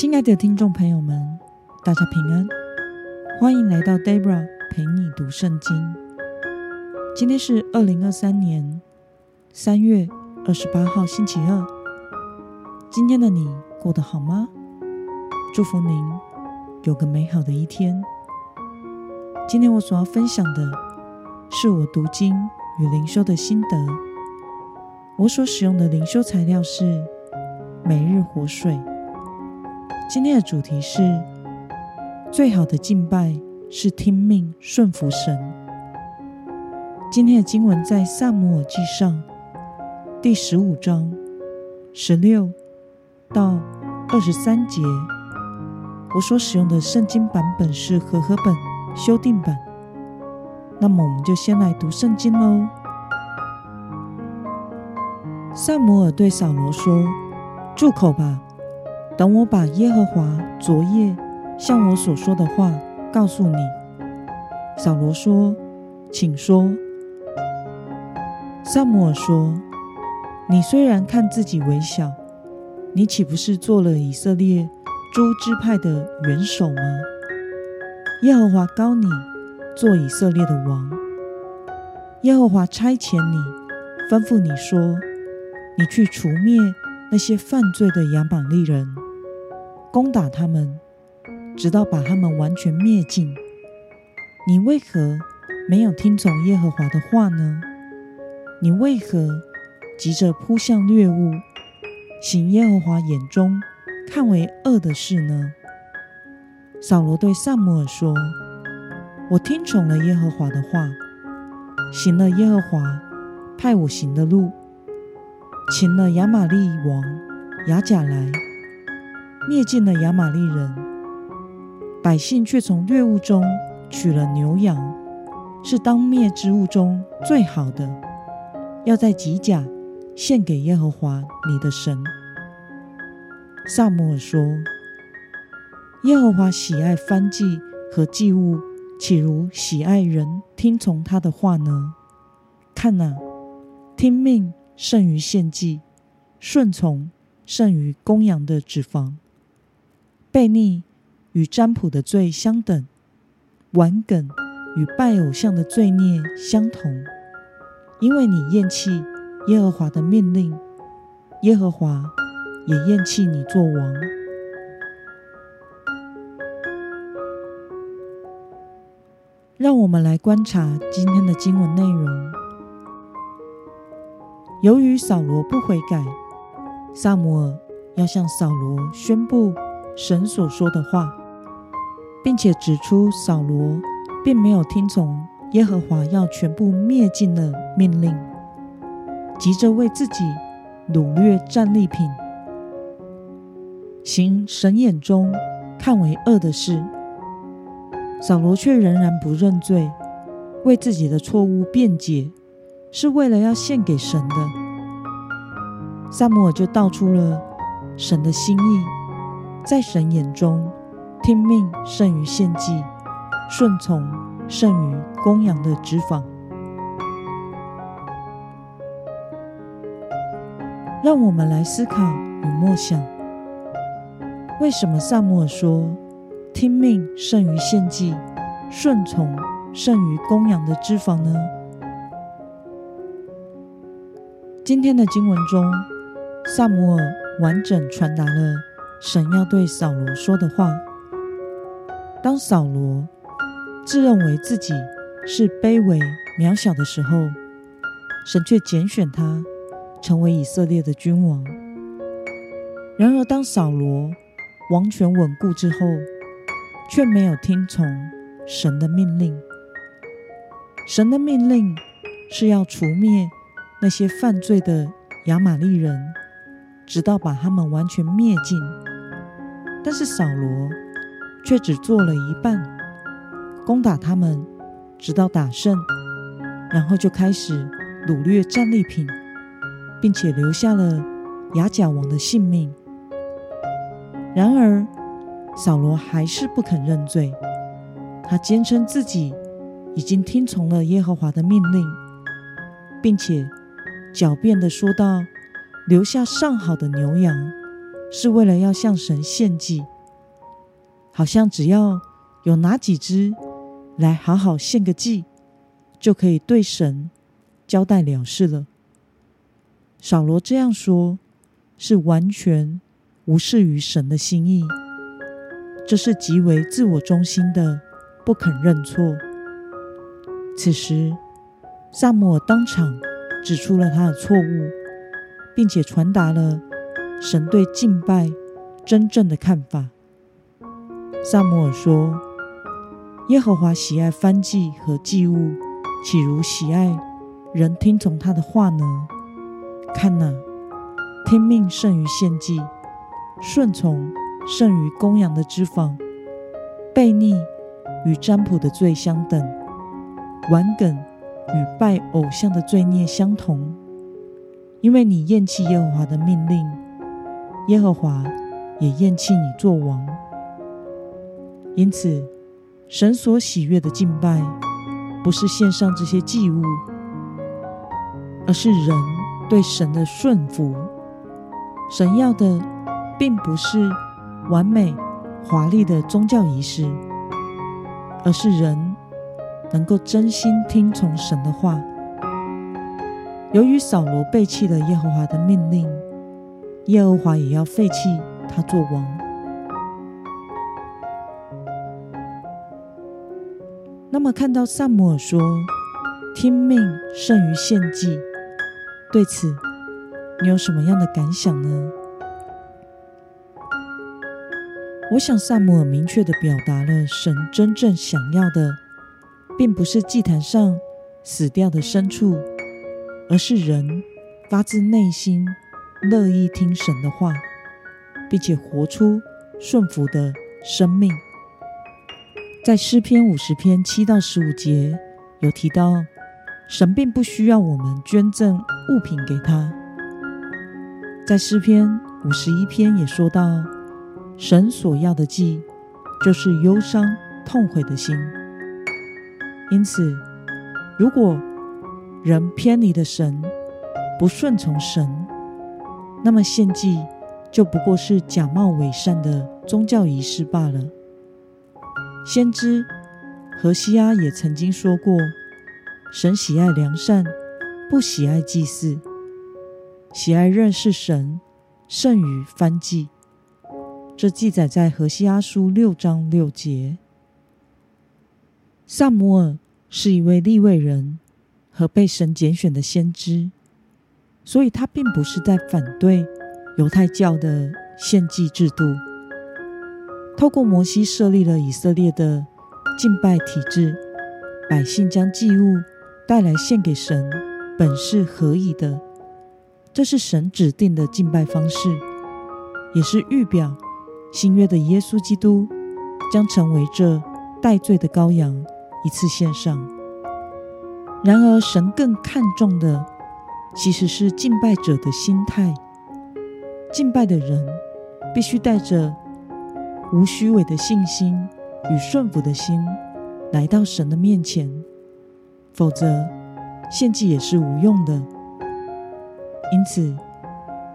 親愛的聽眾朋友們，大家平安，歡迎來到 Debra 陪你讀聖經。今天是二零二三年三月二十八號，星期二。今天的你過得好嗎？祝福您有個美好的一天。今天我所要分享的是我讀經與靈脩的心得。我所使用的靈脩材料是《每日活水》。今天的主題是：最好的敬拜是聽命順服神。今天的經文在《撒母耳記上》第十五章十六到二十三節。我所使用的聖經版本是和合本修訂版。那麼，我們就先來讀聖經嘍。撒母耳對掃羅說：“住口吧！”等我把耶和華昨夜向我所說的話告訴你，掃羅說：“請說。”撒母耳說：“你雖然看自己微小，你豈不是做了以色列諸支派的元首嗎？耶和華膏你做以色列的王，耶和華差遣你，吩咐你說：你去除滅那些犯罪的亞瑪力人。”攻打他們，直到把他們完全滅盡。你為何沒有聽從耶和華的話呢？你為何急着撲向掠物，行耶和華眼中看為惡的事呢？掃羅對撒母耳說：“我聽從了耶和華的話，行了耶和華派我行的路，擒了亞瑪力王亞甲來。”滅盡了亞瑪力人，百姓卻從掠物中取了牛羊，是當滅之物中最好的，要在吉甲獻給耶和華你的神。撒母耳說：“耶和華喜愛燔祭和祭物，豈如喜愛人聽從他的話呢？看哪，聽命勝於獻祭，順從勝於公羊的脂肪。”悖逆與占卜的罪相等，頑梗與拜偶像的罪孽相同。因為你厭棄耶和華的命令，耶和華也厭棄你作王。讓我們來觀察今天的經文內容。由於掃羅不悔改，撒母耳要向掃羅宣布。神所說的話，並且指出掃羅並沒有聽從耶和華要全部滅盡的命令，急着為自己擄掠戰利品，行神眼中看為惡的事。掃羅卻仍然不認罪，為自己的錯誤辯解，是為了要獻給神的。撒母耳就道出了神的心意。在神眼中，聽命勝於獻祭，順從勝於公羊的脂肪。讓我們來思考與默想：為什麼撒母耳說“聽命勝於獻祭，順從勝於公羊的脂肪”呢？今天的經文中，撒母耳完整傳達了。神要對掃羅說的話：當掃羅自認為自己是卑微渺小的時候，神卻揀選他成為以色列的君王。然而，當掃羅王權穩固之後，卻沒有聽從神的命令。神的命令是要除滅那些犯罪的亞瑪力人，直到把他們完全滅盡。但是掃羅卻只做了一半，攻打他們，直到打勝，然後就開始擄掠戰利品，并且留下了亞甲王的性命。然而，掃羅還是不肯認罪，他堅稱自己已經聽從了耶和華的命令，并且狡辯地說道：“留下上好的牛羊。”是為了要向神獻祭，好像只要有拿幾隻來好好獻個祭，就可以對神交代了事了。掃羅這樣說，是完全無視於神的心意，這是極為自我中心的，不肯認錯。此時，撒母耳當場指出了他的錯誤，並且傳達了神對敬拜真正的看法。撒母耳說：“耶和華喜愛燔祭和祭物，豈如喜愛人聽從他的話呢？看哪，聽命勝於獻祭，順從勝於公羊的脂肪。悖逆與占卜的罪相等，頑梗與拜偶像的罪孽相同。因為你厭棄耶和華的命令。”耶和華也厭棄你作王，因此，神所喜悅的敬拜，不是獻上這些祭物，而是人對神的順服。神要的，並不是完美華麗的宗教儀式，而是人能夠真心聽從神的話。由於掃羅背棄了耶和華的命令。耶和華也要廢棄他做王。那麼，看到撒母耳說“聽命勝於獻祭”，對此你有什麼樣的感想呢？我想，撒母耳明確的表達了神真正想要的，並不是祭壇上死掉的牲畜，而是人發自內心。樂意聽神的話，並且活出順服的生命。在詩篇五十篇七到十五節有提到，神並不需要我們捐贈物品給他。在詩篇五十一篇也說到，神所要的祭就是憂傷痛悔的心。因此，如果人偏離的神，不順從神。那麼，獻祭就不過是假冒偽善的宗教儀式罷了。先知何西阿也曾經說過：“神喜愛良善，不喜愛祭祀；喜愛認識神，勝於燔祭。”這記載在何西阿書六章六節。撒母耳是一位利未人和被神揀選的先知。所以，他並不是在反對猶太教的獻祭制度。透過摩西設立了以色列的敬拜體制，百姓將祭物帶來獻給神，本是合宜的。這是神指定的敬拜方式，也是預表新約的耶穌基督將成為這代罪的羔羊，一次獻上。然而，神更看重的。其實是敬拜者的心態。敬拜的人必須帶着無虛偽的信心與順服的心來到神的面前，否則獻祭也是無用的。因此，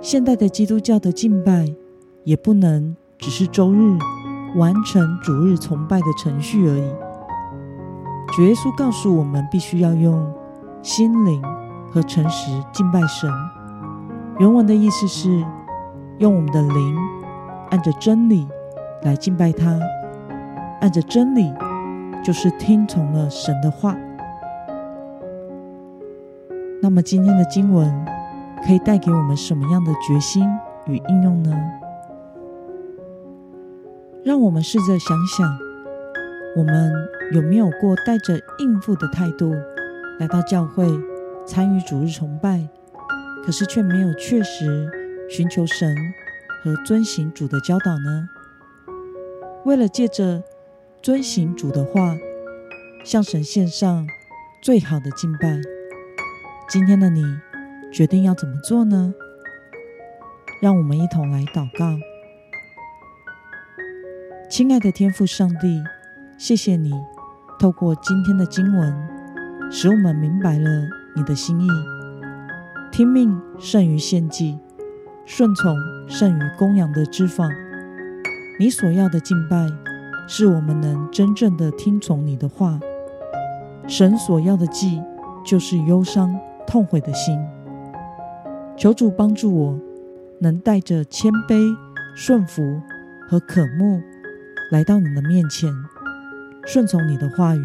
現代的基督教的敬拜也不能只是周日完成主日崇拜的程序而已。主耶穌告訴我們，必須要用心靈。和誠實敬拜神。原文的意思是，用我們的靈按着真理來敬拜他。按着真理，就是聽從了神的話。那麼今天的經文可以帶給我們什麼樣的決心與應用呢？讓我們試着想想，我們有沒有過帶着應付的態度來到教會？參與主日崇拜，可是卻沒有確實尋求神和遵行主的教導呢？為了借着遵行主的話，向神獻上最好的敬拜，今天的你決定要怎麼做呢？讓我們一同來禱告。親愛的天父上帝，謝謝你透過今天的經文，使我們明白了，你的心意，聽命勝於獻祭，順從勝於公羊的脂肪。你所要的敬拜，是我們能真正的聽從你的話。神所要的祭，就是憂傷痛悔的心。求主幫助我，能帶着謙卑、順服和渴慕，來到你的面前，順從你的話語，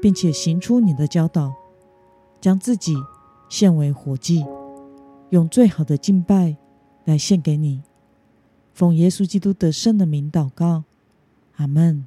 並且行出你的教導。將自己獻為活祭，用最好的敬拜來獻給你，奉耶穌基督得勝的名禱告，阿門。